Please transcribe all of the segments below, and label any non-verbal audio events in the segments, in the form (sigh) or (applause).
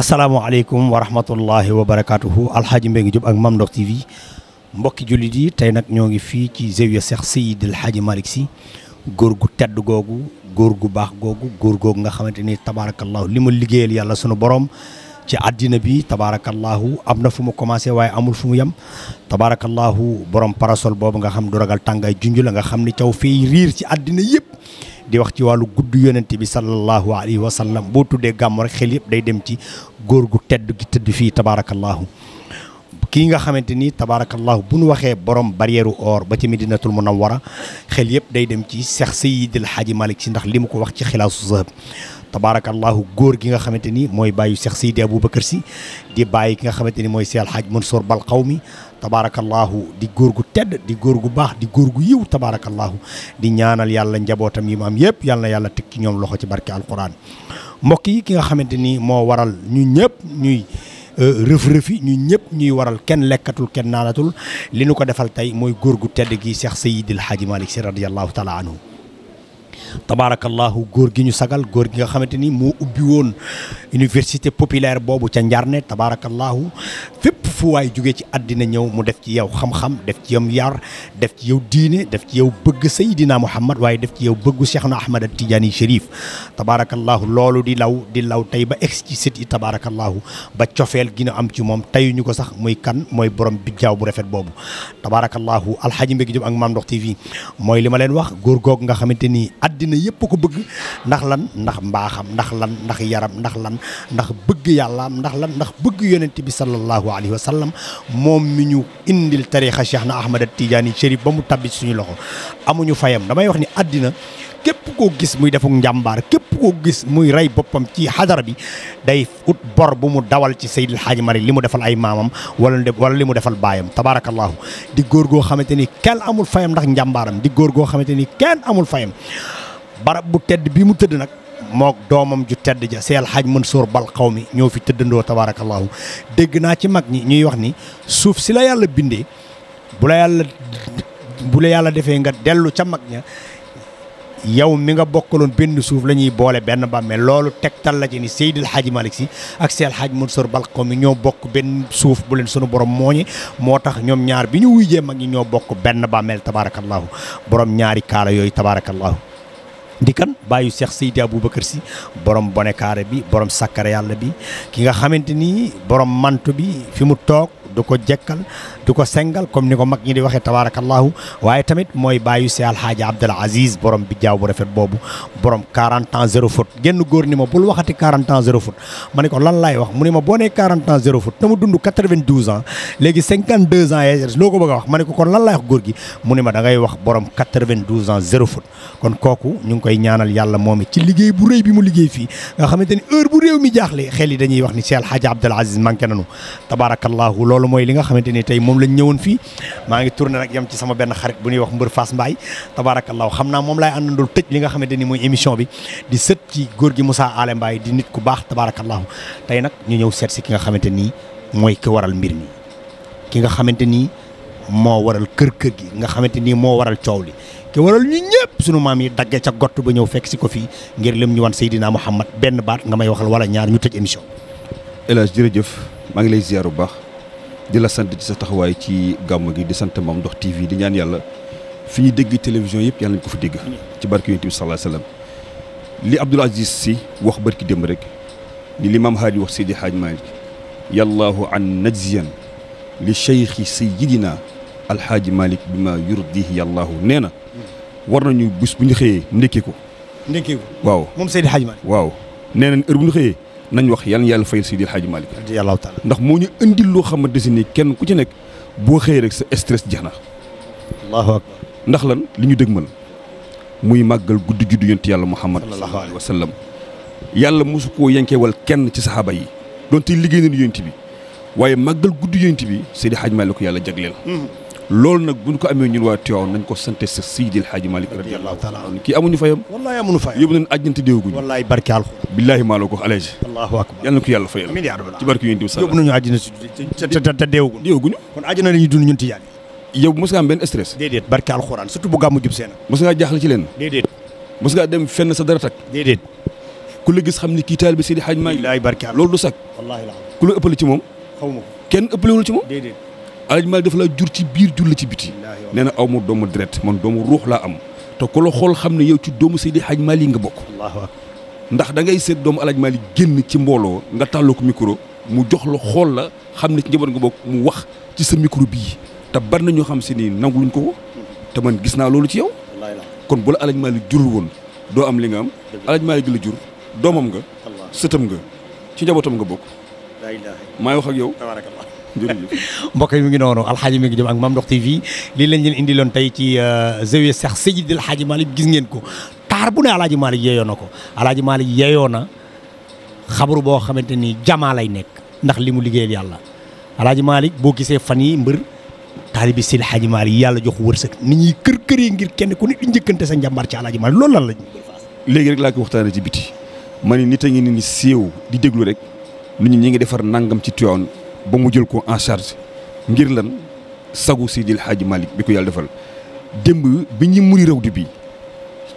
asalaamaaleykum wa rahmatullahi wa barakaatuhu alxaaji Mbengue Diop ak Mame Ndokh TV mbokki jullit yi tey nag ñoo ngi fii ci zawiya seex Seydi El Hadji si góor gu tedd googu góor gu baax googu góor googu nga xamante ni tabaarakallahu li ma liggéeyal yàlla sunu borom ci àddina bi tabaarakallaahu am na fu mu commencé waaye amul fu mu yem tabaarakallaahu borom parasol boobu nga xam du ragal tàngaay junj la nga xam ni caw fii riir ci àddina yëpp di wax ci wàllu gudd yonent bi sallallahu alayhi wa sallam boo tuddee gàmm rek xel yëpp day dem ci góor gu tedd gi tëdd fii tabaarakallaahu kii nga xamante ni tabaarakallahu bu nu waxee borom barrière or ba ci Medinatul Munawwara xel yëpp day dem ci Cheikh Seydil Hadji Malick si ndax li mu ko wax ci xilaasu zahab tabaarakallahu góor gi nga xamante ni mooy bàyyi Cheikh Seydi Aboubacar si di bàyyi ki nga xamante ni mooy Cheikh Hadj Mansour Bal Qawmi tabaarakallahu di góor gu tedd di góor gu baax di góor gu yiw tabaarakallahu di ñaanal yàlla njabootam yi mu am yëpp yàlla yàlla teg ki ñoom loxo ci barke alquran mbokk yi ki nga xamante ni moo waral ñu ñëpp ñuy Euh, rëf-rëf yi ñu ñëpp ñuy waral kenn lekkatul kenn naanatul li nu ko defal tey mooy góor gu tedd gi Cheikh Seydil Hadji Malick Sy radiyallahu taala anhu tabaarakallaahu góor gi ñu sagal góor gi nga xamante ni moo ubbi woon université populaire boobu ca Njarne tabaarakallaahu fépp fu waay jógee ci àddina ñëw mu def ci yow xam-xam def ci yow yar def ci yow diine def ci yow bëgg Seydina Muhammad waaye def ci yow bëggu Cheikhna Ahmad Tidiane Chérif tabaarakallaahu loolu di law di law tey ba egsi ci sët yi tabaarakallaahu ba cofeel gi ñu am ci moom ñu ko sax muy kan mooy borom bijjaaw bu rafet boobu tabaarakallaahu alxaji Mbégi àddina yëpp ko bëgg ndax lan ndax mbaaxam ndax lan ndax yaram ndax lan ndax bëgg yàllaam ndax lan ndax bëgg yonent bi sallallahu alayhi wa sallam moom mi ñu indil tariixa Cheikh na Ahmad Tidiane Chérif ba mu tabbi suñu loxo amuñu fayam damay wax ni àddina képp koo gis muy defuk njàmbaar képp koo gis muy rey boppam ci xadara bi day ut bor bu mu dawal ci Seydil Hadji Mari li mu defal ay maamam wala wala li mu defal baayam tabaarakallaahu di góor goo xamante ni kenn amul fayam ndax njàmbaaram di góor goo xamante ni kenn amul fayam barab bu tedd bi mu tëdd nag mook doomam ju tedd ja seel xaj Mansour bal xaw mi ñoo fi tëddandoo tabaarakallaahu dégg naa ci mag ñi ñuy wax ni suuf si la yàlla bindee bu la yàlla bu la yàlla defee nga dellu ca mag ña yow mi nga bokkaloon benn suuf la ñuy boole benn bàmmeel loolu tegtal la ci ni Seydil Hadji Malick Sy ak Seydi El Hadji Mansour Bal Qawmi ñoo bokk benn suuf bu leen sunu borom mooñe moo tax ñoom ñaar bi ñu jee mag ñi ñoo bokk benn bàmmeel tabaarakallaahu borom ñaari kaala yooyu tabaarakallaahu di kan bàyyu Cheikh Seydi Aboubacar si borom bonekaare bi borom sakkare yàlla bi ki nga xamante ni borom mantu bi fi mu toog. du ko jekkal du ko sengal comme ni ko mag ñi di waxee tabaarakallaahu waaye tamit mooy bàyyu si alxaaji Abdul Aziz borom bi jaaw bu rafet boobu borom 40 ans zéro faute genn góor ni ma bul waxati 40 ans zéro faute ma ne ko lan laay wax mu ne ma boo nee 40 ans zéro faute te mu dund 92 ans léegi 52 ans ko bëgg wax ma ne ko kon lan laay wax gi mu ne ma da ngay wax borom 92 ans kon kooku ñu ngi koy ñaanal yàlla moom it ci liggéey bu rëy bi mu liggéey fii nga xamante ni heure bu réew mi jaaxle xel yi dañuy wax ni si alxaaji Abdul Aziz manqué nanu tabaarakallaahu loolu loolu mooy li nga xamante ni tey moom lañ ñëwoon fii maa ngi tourné nag yem ci sama benn xarit bu ñuy wax mbër Fass Mbaye tabaarakallaahu xam naa moom laay àndandoo tëj li nga xamante ni mooy émission bi di sët ci góor gi Moussa Alé Mbaye di nit ku baax tabaarakallaahu tey nag ñu ñëw seet si ki nga xamante nii mooy ki waral mbir mi ki nga xamante ni moo waral kër-kër gi nga xamante ni moo waral coow li ki waral ñu ñëpp sunu maam yi daggee ca gott ba ñëw fekk si ko fii ngir lim ñu wan Seydina Muhammad benn baat nga waxal wala ñaar ñu tëj émission El Hadj ngi lay ziar bu baax di la sant ci sa taxawaay ci gàmm gi di sant moom Ndokh TV di ñaan yàlla fi ñuy dégg télévision yëpp yàlla nañ ko fi dégg ci barke yonent bi sallallahu alayhi wasallam li Abdoul si Sy wax barki démb rek ni li Mame Hadi wax Seydi Hadj Malick yallaahu an najziyan li cheikhi sayidina alhaaji Malick bi ma yurdihi yallaahu nee na war nañu bés bu ñu xëyee ndékki ko ndékki waaw moom Seydi Hadj Malick waaw nee na heure bu ñu xëyee nañ wax yàlla na yàlla fayal Seydi El Hadji Malick ndax moo ñu indil loo xamante si ni kenn ku ci nekk boo xëyee rek sa stress jeex na allahu akbar ndax lan li ñu dëgmal muy màggal guddi juddu yonent yàlla Muhammad sallallahu alayhi wa sallam yàlla mosu koo yenkeewal kenn ci saxaaba yi donte liggéey nañu yonent bi waaye màggal guddi yonent bi Seydi El Hadji Malick ko yàlla jagleel hmm. loolu nag buñ ko amee ñun waa Tiwaawan nañ ko sante sa Seydil Hadji Malick kii amuñu fayam yóbbu nañ àjjante déewguñu wallaay barke alxu billaahi maa la ko wax alaaji allahu akbar yóbbu nañu àjjana si te déewguñu déewguñu kon àjjana la ñuy dund mos nga am benn stress déedéet barke alxuraan surtout mos ngaa jaaxle ci leen mos ngaa dem fenn sa dara tak ku la gis xam ne kii taalibe Seydi Hadji Malick loolu du sax ku la ëppale ci moom xaw ma ko kenn ci moom alaj maal dafa laa jur ci biir jur la ci biti nee na aw ma doomu deret man doomu ruux laa am te ku la xool xam ne yow ci doomu Seydi Hadj Malick nga bokk ndax da ngay seet doomu alaj Malick génn ci mbooloo nga tàlloo ko micro mu jox la xool la xam ne ci njaboot nga bokk mu wax ci sa micro bii te bari na ñoo xam si ni nanguluñ ko ko te man gis naa loolu ci yow kon bu la alaj Malick jurul woon doo am li nga am alaj Malick la jur doomam nga sëtam nga ci njabootam nga bokk maay wax ak yow. jërëjëf (laughs) mbokk yi mi ngi noonu alxaaji mi ngi jëm ak Mame Ndokh TV lii lañ leen indi loon tey ci euh, zawiya Seex Seydil Alxaaji Maalik gis ngeen ko taar bu ne alxaaji Maalik yeeyoo na ko alxaaji Maalik yeeyoo na xabaru boo xamante ni jamaa lay nekk ndax li mu liggéeyal yàlla alxaaji Maalik boo gisee fan yi mbër taalibi Seydi Alxaaji Maalik yàlla jox wërsëg nit ñi kër kër yi ngir kenn ku ne di njëkkante sa njàmbaar ci alxaaji Maalik loolu lan lañ léegi rek laa ma ni nit a ngi ni siiw di déglu rek lu ñu ñi ngi defar nangam ci Tivaouane ba mu jël ko en charge ngir lan sagu Seydil Hadji Malick bi ko yàlla defal démb bi ñu muri rawdu bi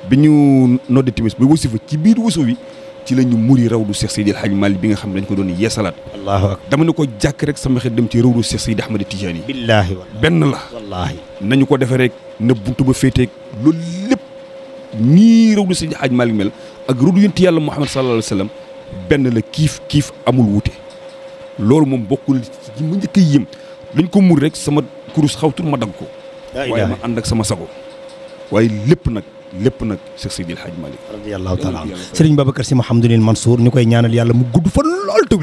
bi ñu noddi timis ba wasi fa ci biir wasu wi ci la ñu muri rawdu Cheikh Seydil Hadji Malick bi nga xam ne dañ ko doon yeesalaat. allahu dama ne ko jàkk rek sama xel dem ci rawdu Cheikh Seydi Ahmad Tidiane yi. billaahi benn la. wallaahi nañu ko defee rek ne buntu ba féeteeg loolu lépp nii rawdu Seydil Hadji Malick mel ak rawdu yonent yàlla Muhammad sallallahu alayhi wa sallam benn la kiif kiif amul wuute loolu moom bokkul ci ma njëkk a yéem ko mur rek sama kurus xawtul ma dagg ko waaye ma ànd ak sama sago waaye lépp nag lépp nag Cheikh Seydil Hadj Malick radiyallahu taala Serigne Babacar Sy Mouhamadoul Mansour ñu koy ñaanal yàlla mu gudd fa lool te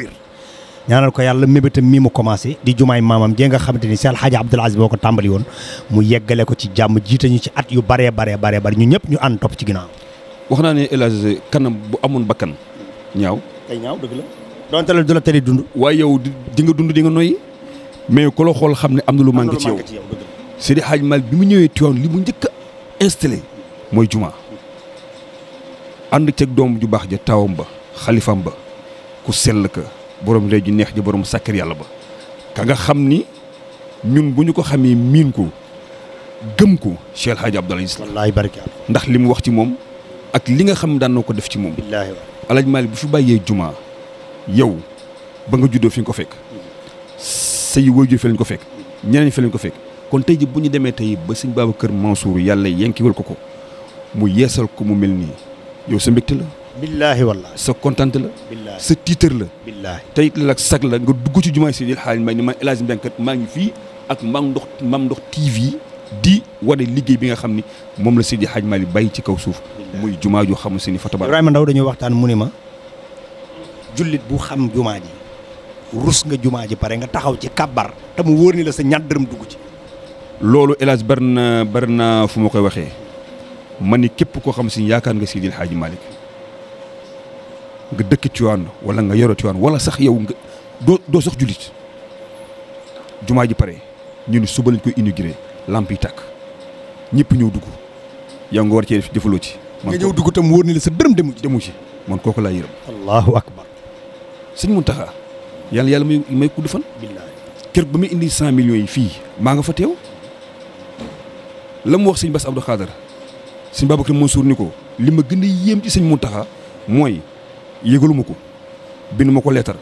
ñaanal ko yàlla mébétam mii mu commencé di jumaay maamam jee nga xamante ni Cheikh El Hadj Abdoul Aziz ko tàmbali woon mu yeggale ko ci jàmm jiitañu ci at yu baree baree baree bari ñu ñëpp ñu ànd topp ci ginnaaw wax naa ne El kanam bu amoon bakkan ñaaw kay ñaaw dëgg la donte dund waaye yow di nga dund di nga noyyi mais ku la xool xam ne am na lu manqué ci yow Seydi Hadj Malick bi mu ñëwee Tivaouane li mu njëkk a mooy jumaa ànd ceeg doom ju baax ja taawam ba xalifam ba ku sell ka boroom lay ju neex ji borom sàkkar yàlla ba ka nga xam ni ñun bu ñu ko xamee miin ko gëm ko Cheikh El Hadj Abdoul Aziz wallaay ndax li mu wax ci moom ak li nga xam daan noo ko def ci moom Alaaji Maalik bu fi bàyyee jumaa yow ba nga juddoo fi nga ko fekk say waajur fi lañ ko fekk ñeneen fi lañ ko fekk kon tey ji bu ñu demee tey ba sëñ Babacar Mansour yàlla yenkiwal ko ko mu yeesal ko mu mel nii yow sa mbégte la sa kontant la sa tiitar la billaahi tey it la sag la nga dugg ci jumaay Seydil Hadji Malick ni man El Hadji Mbengue kat maa ngi fii ak Maam Ndox Maam Ndox TV di wane liggéey bi nga xam ni moom la Seydi Hadj Malick bàyyi ci kaw suuf muy jumaa ju xamu si ni fataba Ibrahima Ndaw dañuy waxtaan mu ni ma jullit bu xam jumaa ji rus nga jumaa ji pare nga taxaw ci kabar te mu wóor ni la sa ñaar dërëm dugg ci loolu hélas bari na bari na fu ma koy waxee man ni képp koo xam si yaakaar nga Seydi Hadj Malick nga dëkk Tiwaawan wala nga yoro Tiwaawan wala sax yow nga doo doo sax jullit jumaa ji pare ñu ni suba lañ koy làmp yi tàkk ñëpp ñëw dugg yow nga war cee jëfaloo ci. nga ñëw dugg tam wóor ni la sa dërëm demu ci. demu ci man kooku laa yërëm. allahu akbar. sëñ Muntaxa yàlla yàlla may may kudd fan. kër ba muy indi cent millions yi fii maa nga fa teew. la mu wax sëñ Bass Abdou Khadar sëñ Babacar Mansour ni ko li ma gën a yéem ci sëñ Muntaxa mooy yëgalu ko bind ma ko leetar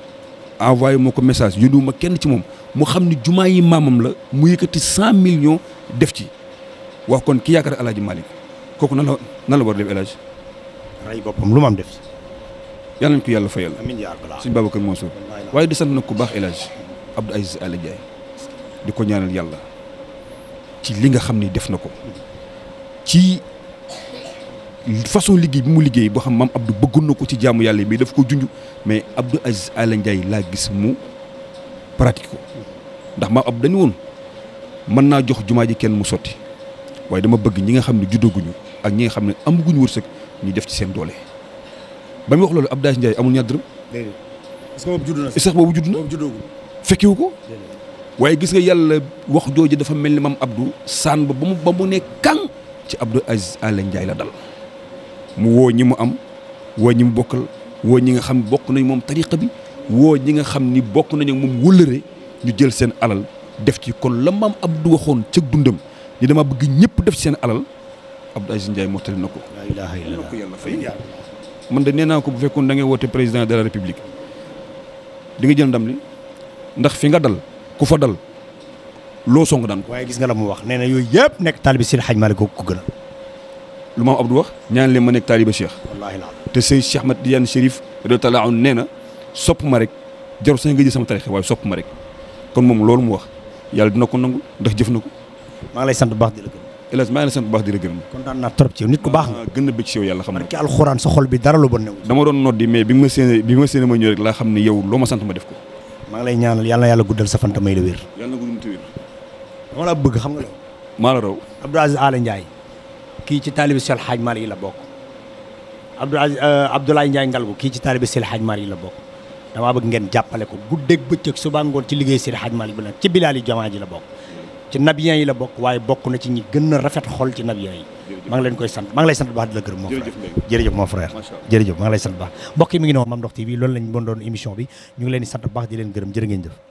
envoyé ma ko message yónni ma kenn ci moom. mu xam ni jumaa yi maamam la mu yëkkati cent millions def ci waaw kon ki yaakaar El Hadj kooku nan la nan la war def El Hadj. yàlla nañ ko yàlla fayal. amiin yaa rabbal aalamiin suñu Babacar waaye di sant nag ku baax El Hadj Abdou Aziz Alla Ndiaye di ko ñaanal yàlla ci li nga xam ni def na ko ci façon liggéey bi mu liggéey boo xam maam Abdou bëggoon na ko ci jaamu yàlla yi mais daf ko junj mais Abdou Aziz Alla Ndiaye laa gis mu. pratique ko ma maam ab dañu mën naa jox jumaa ji kenn mu sotti waaye dama bëgg ñi nga xam ne juddaguñu ak ñi nga xam ne amaguñu wërsëg ñu def ci seen doole ba mu wax loolu Abdoulaye Ndiaye amul ñaar dërëm. sax boobu judd na sax boobu judd na fekkiwu ko. waaye gis nga yàlla wax jooju dafa mel ni mam Abdou saan ba ba mu ba mu ne kan ci Abdou Aziz Alé Ndiaye la dal mu woo ñi mu am woo ñi mu bokkal woo ñi nga xam bokk nañ moom tariqa bi. woo ñi nga xam ni bokk nañu moom wëllëre ñu jël seen alal def ci kon la maam Abdou waxoon ca dundam ni dama bëgg ñëpp def ci seen alal Abdou Aziz Ndiaye mottali na ko. laa ilaaha illallaah ko man de naa ko bu fekkoon da ngay président de la république di nga jël ndam li ndax fi nga dal ku fa dal loo song daan ko. waaye gis nga la mu wax nee na yooyu yëpp nekk taalibe Seydi Hadji Malick ko gën a. lu maam Abdou wax ñaan leen ma nekk taaliba Cheikh. wallaahi te Seydi Cheikh Ahmed Tidiane Chérif radiyallaahu anhu nee na. sopp ma rek jarul sax nga jël sama tarixa waaye sopp ma rek kon moom loolu mu wax yàlla dina ko nangu ndax jëf na ko. maa ngi lay sant bu baax di la gërëm. El maa ngi lay sant bu baax di la kontaan naa trop ci yow nit ku baax nga. gën a bëgg ci yow bi dara lu bon new. dama doon noddi bi ma séenee ne yow loo ma sant ma def ko. maa ngi lay ñaanal yàlla yàlla guddal sa fanta may la wér. bëgg xam nga loolu. maa la raw. Abdou Aziz Ala Ndiaye. kii ci taalibi Sel Hadj Malick yi la bokk. Abdou Aziz euh, Abdoulaye Ndiaye Ngalgu kii ci taalibi Sel Hadj Malick yi la bokk damaa bëgg ngeen jàppale ko guddeeg bëccëg suba ngoon ci liggéey Seydi Hadj Malick bi la ci bilaal yi jamaa ji la bokk ci nabiyen yi la bokk waaye bokk na ci ñi gën a rafet xol ci nabiyen yi maa ngi leen koy sant maa ngi lay sant baax di la gërëm mon frère jërëjëf mon frère jërëjëf maa ngi lay sant baax mbokk yi ngi noonu Mame Ndokh TV loolu lañ bon doon émission bi ñu leen di sant baax di leen gërëm jërë ngeen jëf